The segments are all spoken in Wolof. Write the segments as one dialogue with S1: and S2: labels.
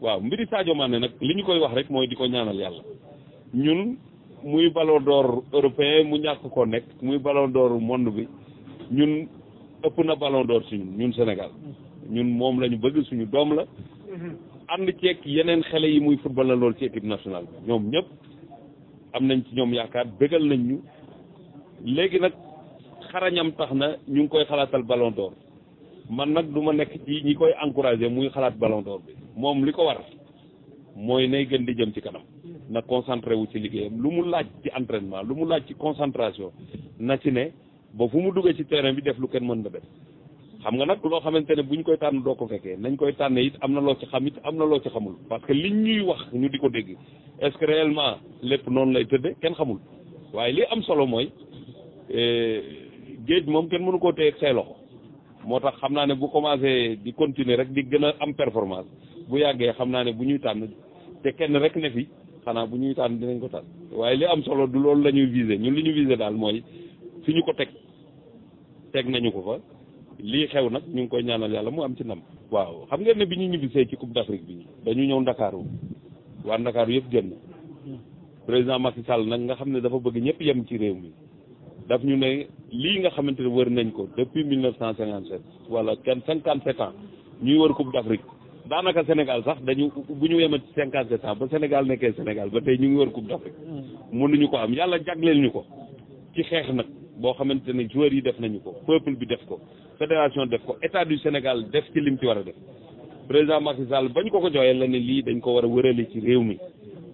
S1: waaw mbiri Sadio Mané nag li ñu koy wax rek mooy di ko ñaanal yàlla ñun muy ballon door européen mu ñàkk koo nekk muy ballon d'or monde bi ñun ëpp na ballon door si ñun ñun Sénégal ñun moom lañu bëgg suñu doom la ànd ceeg yeneen xele yi muy football la lool ci équipe nationale bi ñoom ñëpp am nañ ci ñoom yaakaar bégal nañ ñu léegi nag xarañam tax na ñu ngi koy xalaatal ballon d'or man nag du ma nekk ci ñi koy encouragé muy xalaat ballon d'or bi moom li ko war mooy nay gën di jëm ci kanam na concentré wu ci liggéeyam lu mu laaj ci entraînement lu mu laaj ci concentration na ci ne ba fu mu duggee ci terrain bi def lu kenn mën na def xam nga nag loo xamante ne bu ñu koy tànn doo ko fekkee nañ koy tànnee it am na loo ci xam it am na loo ci xamul parce que liñ ñuy wax ñu di ko dégg est-ce que réellement lépp noonu lay tëdde kenn xamul waaye li am solo mooy eh, géej moom kenn mënu koo téye ak say loxo moo tax xam naa ne bu commencé di continuer rek di gën a am performance bu yàggee xam naa ne bu ñuy tànn te kenn rek ne fi xanaa bu ñuy tànn dinañ ko tànn waaye li am solo du loolu la ñuy visé ñu li ñu visé daal mooy fi ñu ko teg teg nañu ko fa lii xew nag ñu ngi koy ñaanal yàlla mu am ci nam waaw xam ngeen ne bi ñu ñibbisee ci coupe d'Afrique bi dañu ñëw ndakaaru waa ndakaaru yëpp génn président Macky Sall nag nga xam ne dafa bëgg ñëpp yem ci réew mi daf ñu ne lii nga xamante ne wër nañ ko depuis mille neuf cent cinquante wala kenn cinquante sept ans ñuy wër coupe d'Afrique daanaka Sénégal sax dañu bu ñu yemat ci cinquante sept ba Sénégal nekkee Sénégal ba tey ñu ngi war coupe d'Afrique mm. ñu ko am yàlla jagleel ñu ko ci xeex nag boo xamante ne joueurs yi def nañu ko peuple bi def ko fédération def ko état du Sénégal def ci lim ci war a def président Macky Sall bañ ko ko joxee la ne lii dañ ko war a wërale ci réew mi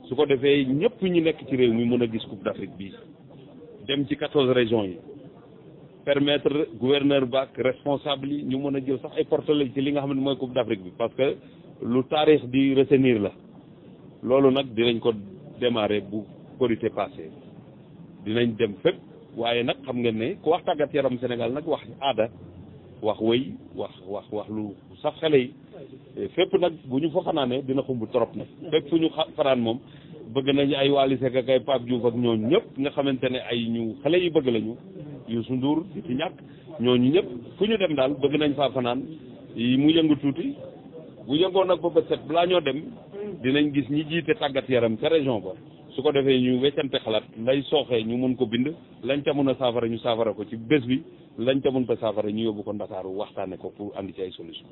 S1: su ko defee ñëpp ñu nekk ci réew mi mun a gis coupe d'Afrique bii dem ci quatorze région yi permettre gouverneur baak responsable yi ñu mën a jël sax ay portele ci li nga xam ne mooy coupe d'Afrique bi parce que lu taarix di retenir la loolu nag dinañ ko démarrer bu korité passé dinañ dem fépp waaye nag xam nga ne ku wax tàggat yaram Sénégal nag wax aada wax wëy wax wax wax lu sax xele yi fépp nag bu ñu fa fanaanee dina xumb trop nag fépp fu ñu xa fanaan moom bëgg nañu ay Wally Seck ak ay Pape Diouf ak ñooñu ñëpp nga xamante ne ay ñu xale yi bëgg lañu Youssou Ndour di ci ñàkk ñooñu ñëpp fu ñu dem daal bëgg nañ faa fanaan mu yëngu tuuti bu yëngoon nag ba bët set balaa ñoo dem dinañ gis ñi jiite tàggat yaram ca région ba su ko defee ñu weccante xalaat lay sooxee ñu mun ko bind lañ ca mun a saafara ñu saafara ko ci bés bi lañ ca mun ko saafara ñu yóbbu ko Ndakaaru waxtaane ko pour andi ci ay solution